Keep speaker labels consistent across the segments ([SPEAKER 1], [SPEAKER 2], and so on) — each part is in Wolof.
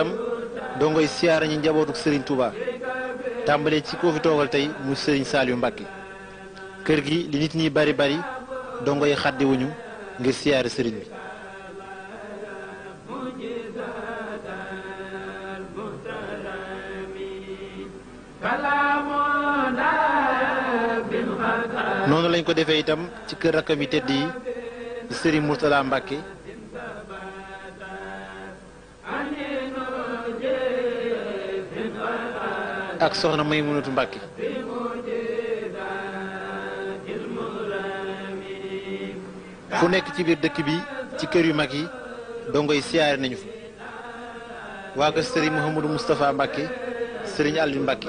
[SPEAKER 1] itam dongoy siyaara ñi njabootuk Serigne ci koo fi toogal tey mu Serigne kër gi li nit ñi bari bari dongo yi xàddiwuñu ngir noonu lañ ko defe itam ci kër rakkam yi tedd yi di Serigne Mourtala Mbacke ak soxna Maymunatu Mbàkke fu nekk ci biir dëkk bi ci kër yu mag yi dongoy siyaare nañu fa waa ko sëriñ Mouhamadou Moustapha Mbàkke sëriñ Aliou Mbàkke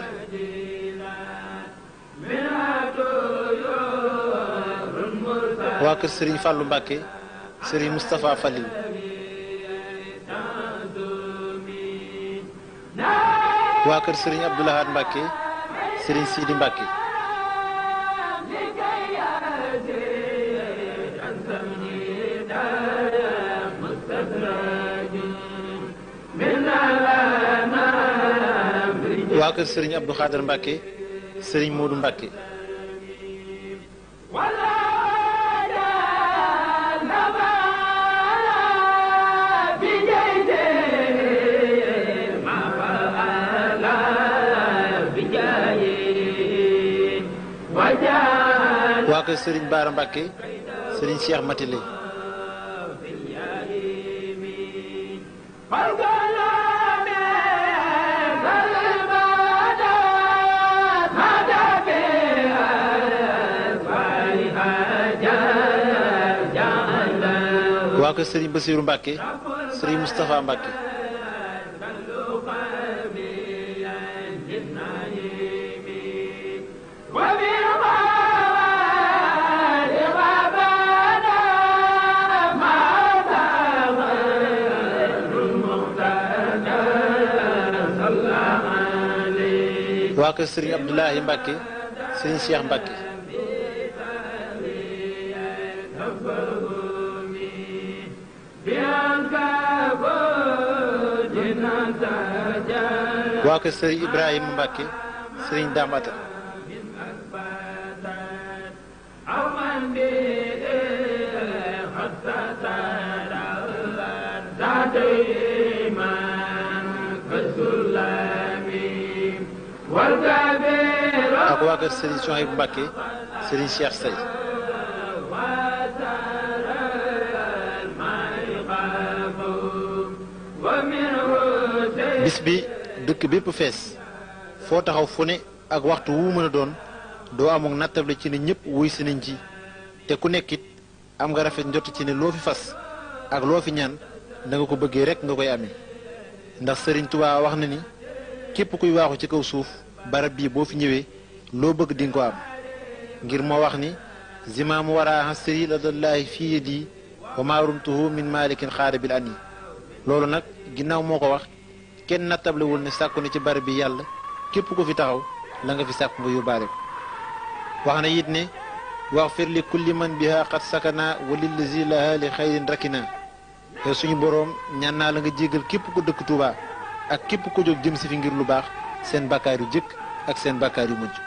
[SPEAKER 1] waa ko sëriñ Fàllu Mbàkke sëriñ Moustapha Fallil waa kër Serigne Abdou Lahad Mbacke Serigne Sidi Mbacke. waa kër Serigne Abdou Khader sëriñ Serigne Modou kër Serigne Bara Mbacké Serigne Cheikh Matilé waa kër Serigne Bassirou Mbacké Serigne Moustapha Mbacké waa kër sëriñ Abdoulahi Mbacke sëriñ Cheikh Mbacke waa kër sëriñ Ibrahima Mbacke sëriñ Damata ak waa kër Serigne Souhaïbou Mbacké Serigne Cheikh Sey bis bi dëkk bépp fees foo taxaw fu ne ak waxtu wu mën a doon doo amul nattable ci ne ñëpp wuy si nañ ci te ku nekkit am nga rafet njott ci ne loo fi fas ak loo fi ñaan da nga ko bëggee rekk nga koy amee ndax Serigne Touba wax na ni képp kuy waaxu ci kaw suuf barab bii boo fi ñëwee loo bëgg di ko am ngir moo wax ni zimaamu wara hansari ladallaahi fii yadi wa maarumtuhu min malikin xaarabil an yi loolu nag ginnaaw moo ko wax kenn nattablewul ne sàkku na ci barab bi yàlla képp ku fi taxaw la nga fi sàkku nga yóbbaale ko wax na it ne wax fir li kulli man biha qad sakana wa lillazi laha li xayrin rakina yow suñu boroom ñaan naa la nga jéggal képp ku dëkk Tuubaa ak képp ko jóg jëm si fi ngir lu baax seen bakkaar yu jëkk ak seen bakkaar yu mujj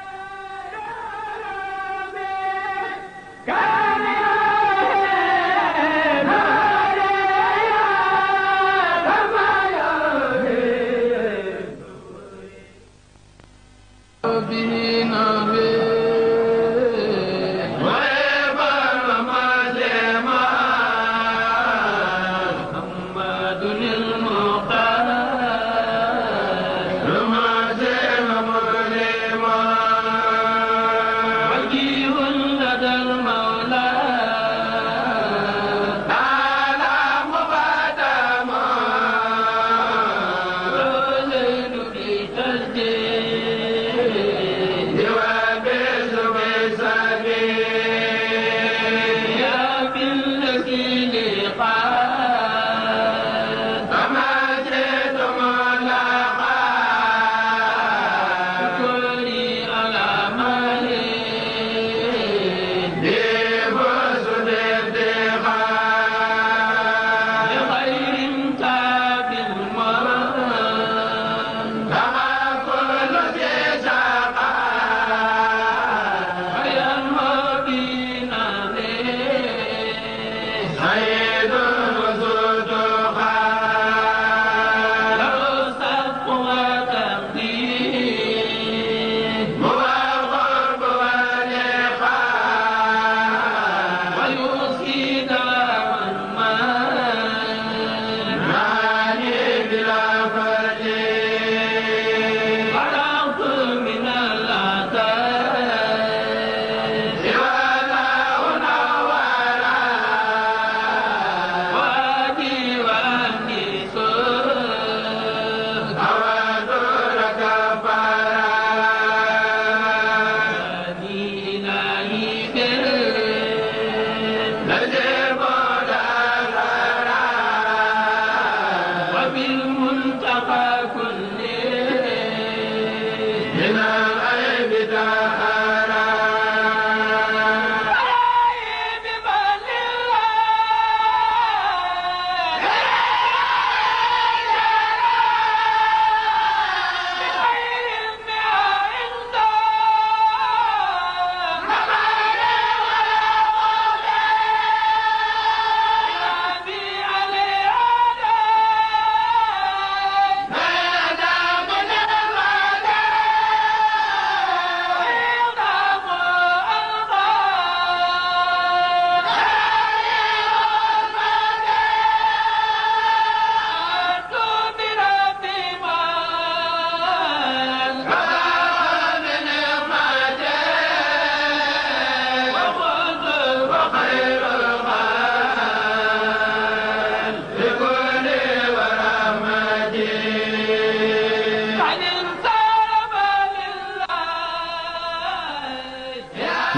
[SPEAKER 1] la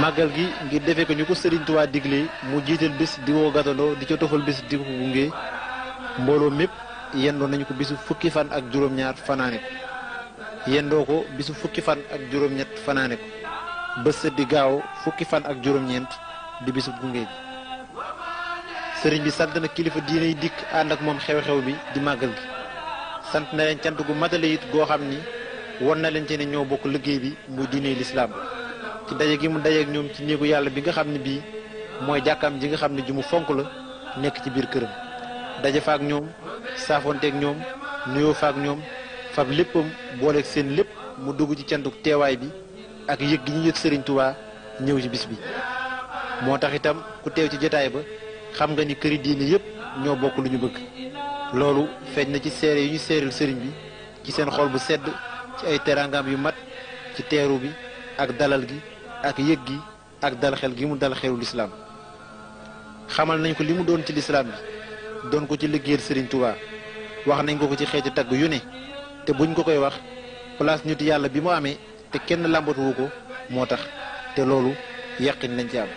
[SPEAKER 1] màggal gi ngir defee ko ñu ko Serigne Touba digle mu jiital bis di woo gatandoo di ca tofal bis di ko gunge mbooloo mépp yendoo nañu ko bisu fukki fan ak juróom-ñaar fanaane ko yendoo ko bisu fukki fan ak juróom-ñett fanaane ko bés di gaaw fukki fan ak juróom-ñeent gunge bi sëriñ bi sant na kilifa diinay dikk ànd ak moom xew-xew bi di màggal gi sant na leen cant gu matale it goo xam ni won na leen ci ne ñoo bokk liggéey bi mu diiney lislaam ci daje gi mu dajeek ñoom ci ñéegu yàlla bi nga xam ne bii mooy jàkkam ji nga xam ne ji mu fonk la nekk ci biir këram daje faak ñoom saafonteeg ñoom nuyoo faak ñoom fab léppam booleeg seen lépp mu dugg ci cantuk teewaay bi ak yëg gi ñu yëg Serigne ñëw ci bis bi. moo tax itam ku teew ci jotaay ba xam nga ni këri diine yëpp ñoo bokk lu ñu bëgg loolu feeñ na ci seere yu ñu seeril Serigne bi ci seen xool bu sedd ci ay teraangaam yu mat ci teeru bi ak dalal gi. ak yëg gi ak dal xel gi mu dal xelu lislaam xamal nañ ko li mu doon ci lislaam bi doon ko ci liggéey Serigne Touba wax nañ ko ko ci xeej tagg yu ne te buñ ko koy wax ñu nit yàlla bi mu amee te kenn làmbatuwu ko moo tax te loolu yàqin lañ ci am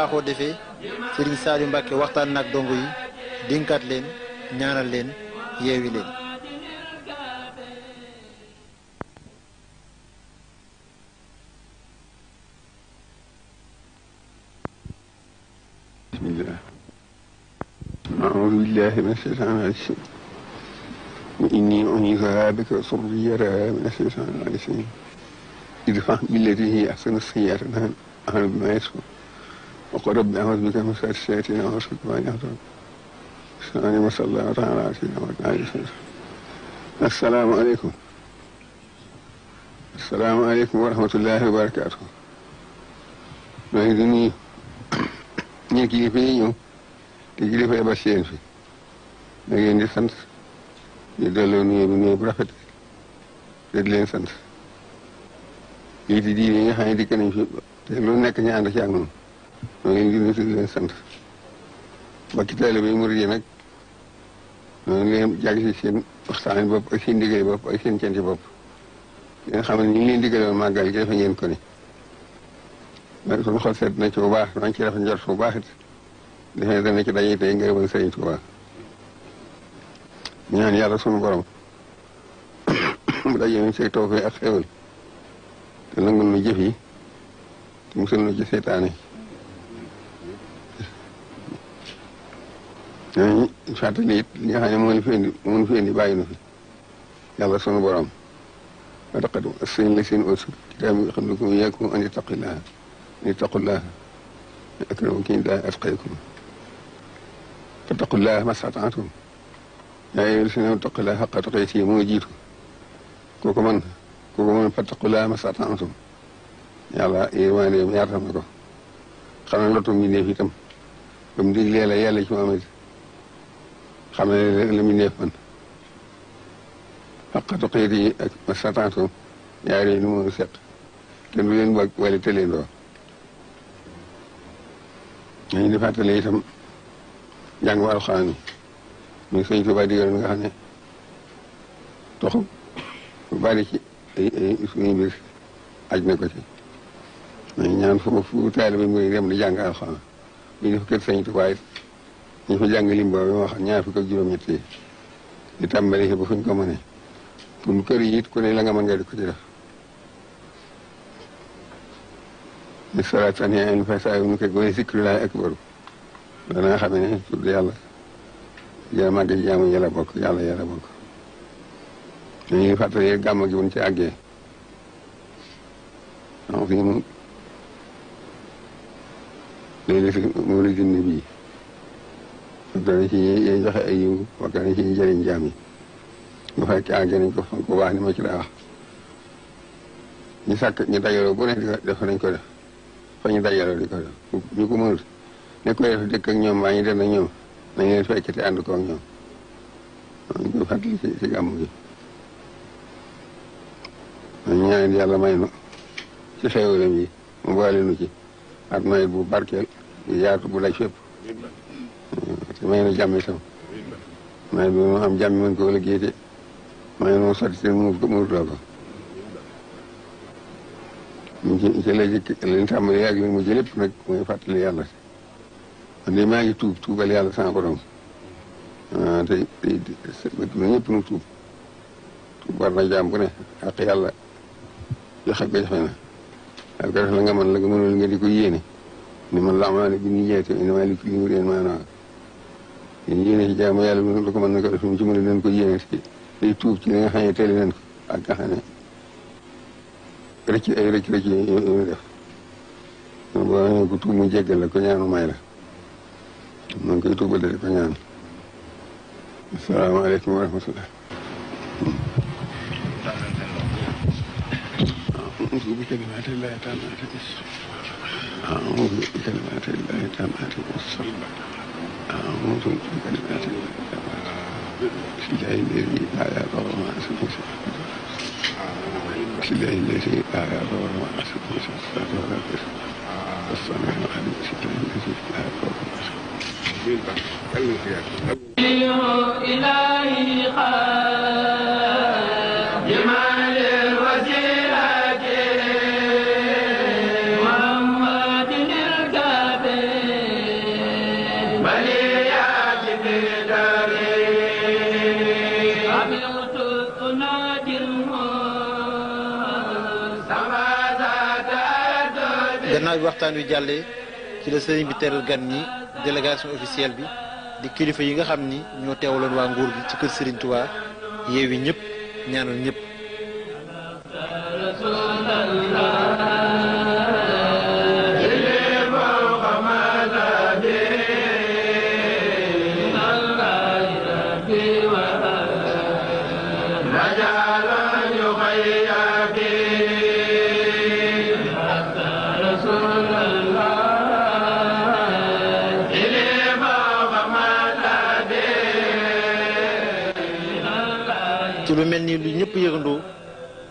[SPEAKER 1] baaxoo defee Serigne Saliou Mbacke waxtaan nag dongo yi dinkaat leen ñaanal leen yeewi leen.
[SPEAKER 2] bismillah. أعوذ بالله من الشيطان الرجيم وإني أعيذها بك وذريتها من الشيطان الرجيم ادفع بالتي هي أحسن السيئة عنه بما يسكن وقل رب أعوذ بك من شر الشياطين وأعوذ بك من يحضرون سبحان ما صلى الله تعالى على سيدنا عليه وسلم السلام عليكم السلام عليكم ورحمة الله وبركاته nooy di nuyu ñu kilifa yi ñëw te kilifa yi ba seen fi da ngeen di sant di delloo nuyoo bi nuyoo bu rafet te di leen sant lii di diine yi nga xam ne dikk nañ fi te lu nekk ñu ànd ci ak noonu ñoo ngi leen di leen sant mbokki taalibe yi murid yi nag ñoo ngi leen jàgg si seen waxtaan bopp ak seen ndigal bopp ay seen cant bopp xam ne ñu ngi leen digaloon màggal gi defe ngeen ko ni nag seet na ci bu baax dañ ci def njort bu baax it defe dana ci daje tey ngërëmal Sëriñ Tuubaa ñaan yàlla suñu borom mu daje ñu seeg tawfeex ak xéwal te yi te musal la ci seytaane ñooñu fàttali it ñi nga xam ne moo ñu fi indi moo fi indi bàyyi na fi yàlla sunu borom wa laqad wassayna seen usub kitaab yi xam ne ko yaakum an ittaqullaha an ittaqullaha akramakum indallahi atqakum fattaqullaha mastata'tum yaa ayyuha llaziina aamanu ittaqullaha haqqa tuqaatihi moo jiitu kooku man kooku man fattaqullaha mastata'tum yàlla yërmaande yaatal na ko ne lotum ñu def itam ba mu diglee la ci mu amee xam ne li mu nekk man xaqatu xeet yi ak sataansum ñaar yi nu mu seq kenn du leen wàcc wala te leen doo ñu di fàttali itam njàng ma alxuraan yi muy sëñ Tuubaa digal nga xam ne toxu bari ci suñu mbir aj na ko ci ñu ñaan foofu taalibe bi muy dem di jàng alxuraan bu ñu def kër sëñ Tuubaa ñu fa jàng lim boobu wax ñaar fukk ak juróom-ñett yi tàmbali ba fuñ ko mënee pour kër ku ne la nga mën nga di ko ci def. bis salaat fan yaa ngi fay saa yu nu ko góor yi zikru laay akbaru danaa xam ne tudd yàlla yàlla màgg ci jaamu yàlla bokk yàlla yàlla bokk. ñu ngi fàttali gàmm gi buñ ci àggee donc ñun léegi fi mu ngi bii. doole ci yéen joxe ay yiw bokk na ci njëriñ jaam yi bu fekkee àgg nañ ko fonk bu baax ni ma ci daa wax ñu sàkk ñu dajaloo bu ne di ko def nañ ko def fa ñu dajaloo di ko def ñu ko mënut ne koy def dëkk ak ñoom waa ñu dem ak ñoom nañ leen fekk te ànd ko ñoom ñu ko fàttali si si gàmm gi ñu ñaan yàlla may nu ci xéewalam yi mu boole nu ci ak nawet bu barkeel bu yaatu bu lay fépp may na jàmm itam may bi moo am jàmm mën koo liggéey de may moo sotti te mënut ko mënutuloo ko mu ci ci la jëkk mu jël nag mooy fàttali yàlla man de maa ngi tuub tuubal yàlla sans borom te te na nu tuub tuub na jaam ku ne xaq yàlla joxe ko joxe na daal la nga mën la nga mënul nga di ko yéene ni man laa maa ne bi ñu jeete ni maa li ko yéene maanaam yéene ci jaamu yàlla mi lu ko mën na ko def mu ci mën nañ ko yéene ci day tuub ci li nga xam ne teel nañ ko ak nga xam ne def ko ñaanu may la maa koy tuubal de ko ñaan asalaamaaleykum wa rahmatulah. Kilyahilevi aya babama asikinsa Kilyahilevi aya babama asikinsa sadaka bir Aslanın adı Kilyahilevi aya babama asikinsa
[SPEAKER 3] Lillahi ilahi
[SPEAKER 1] ginnaaw bi waxtaan wi jàllee ci la sëriñ bi teral gan ñi délégation officielle bi di kilifa yi nga xam ni ñoo teewaloon waa nguur gi ci kër Serigne Touba yi ñëpp ñaanal ñëpp.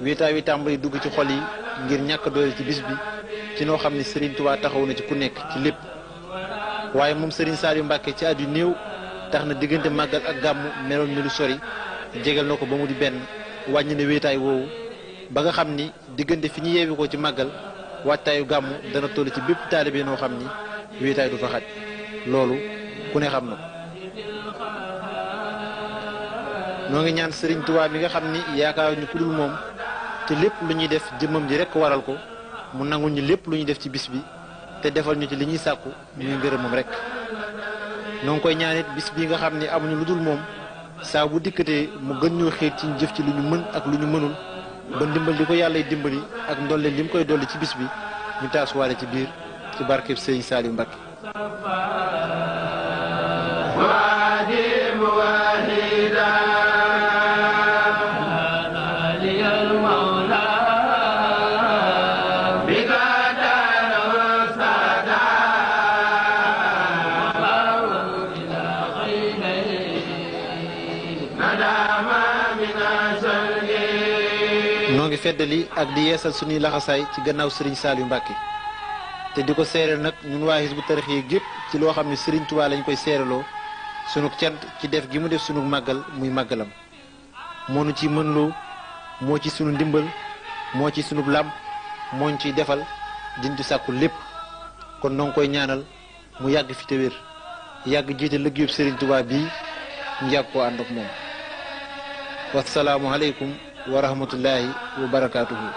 [SPEAKER 1] wéetaay wi tàmbali dugg ci xol yi ngir ñàkk doole ci bis bi ci noo xam ne sëriñ tuwaa taxaw na ci ku nekk ci lépp waaye moom Serigne Saliou Mbacke ci at yu néew tax na diggante màggal ak gàmmu meloon ni lu sori jegal na ko ba mu di benn wàññi na wéetaay woowu ba nga xam ni diggante fi ñu yeewi ko ci màggal waajtaayu gàmmu dana toll ci bépp taalibe noo xam ni wéetaay du fa loolu ku ne xam na ko noo ngi ñaan Serigne Touba mi nga xam ni yaakaar te lépp lu ñuy def jëmmam ji rek waral ko mu nangul ñu lépp lu ñuy def ci bis bi te defal ñu ci li ñuy sàkku muy ngërëmam rek noo ngi koy ñaanit bis bi nga xam ne amuñu lu dul moom saa bu dikkatee mu gën ñoo xiir ci jëf ci lu ñu mën ak lu ñu mënul ba ndimbal li ko yàllay dimbali ak ndolle li mu koy dolli ci bis bi ñu taasuwaale ci biir ci barkeb Sëriñ Saliou Mbacké feddali ak di yeesal suñuy laxasaay ci gannaaw Serigne yu mbàkki te di ko seeral nag ñun waa Hizbut Tarqiyyah gépp ci loo xam ne Serigne Touba lañ koy seeraloo sunu cant ci def gi mu def sunu màggal muy màggalam moo nu ci mënloo moo ci sunu ndimbal moo ci sunu làmp mooñ ciy defal diñ ci sàkku lépp kon noo koy ñaanal mu yàgg fi te yàgg jiite liggéeyub sëriñ Touba bii ñu yàgg koo ànd ak moom wa rahmatullahi wa barakaatuhu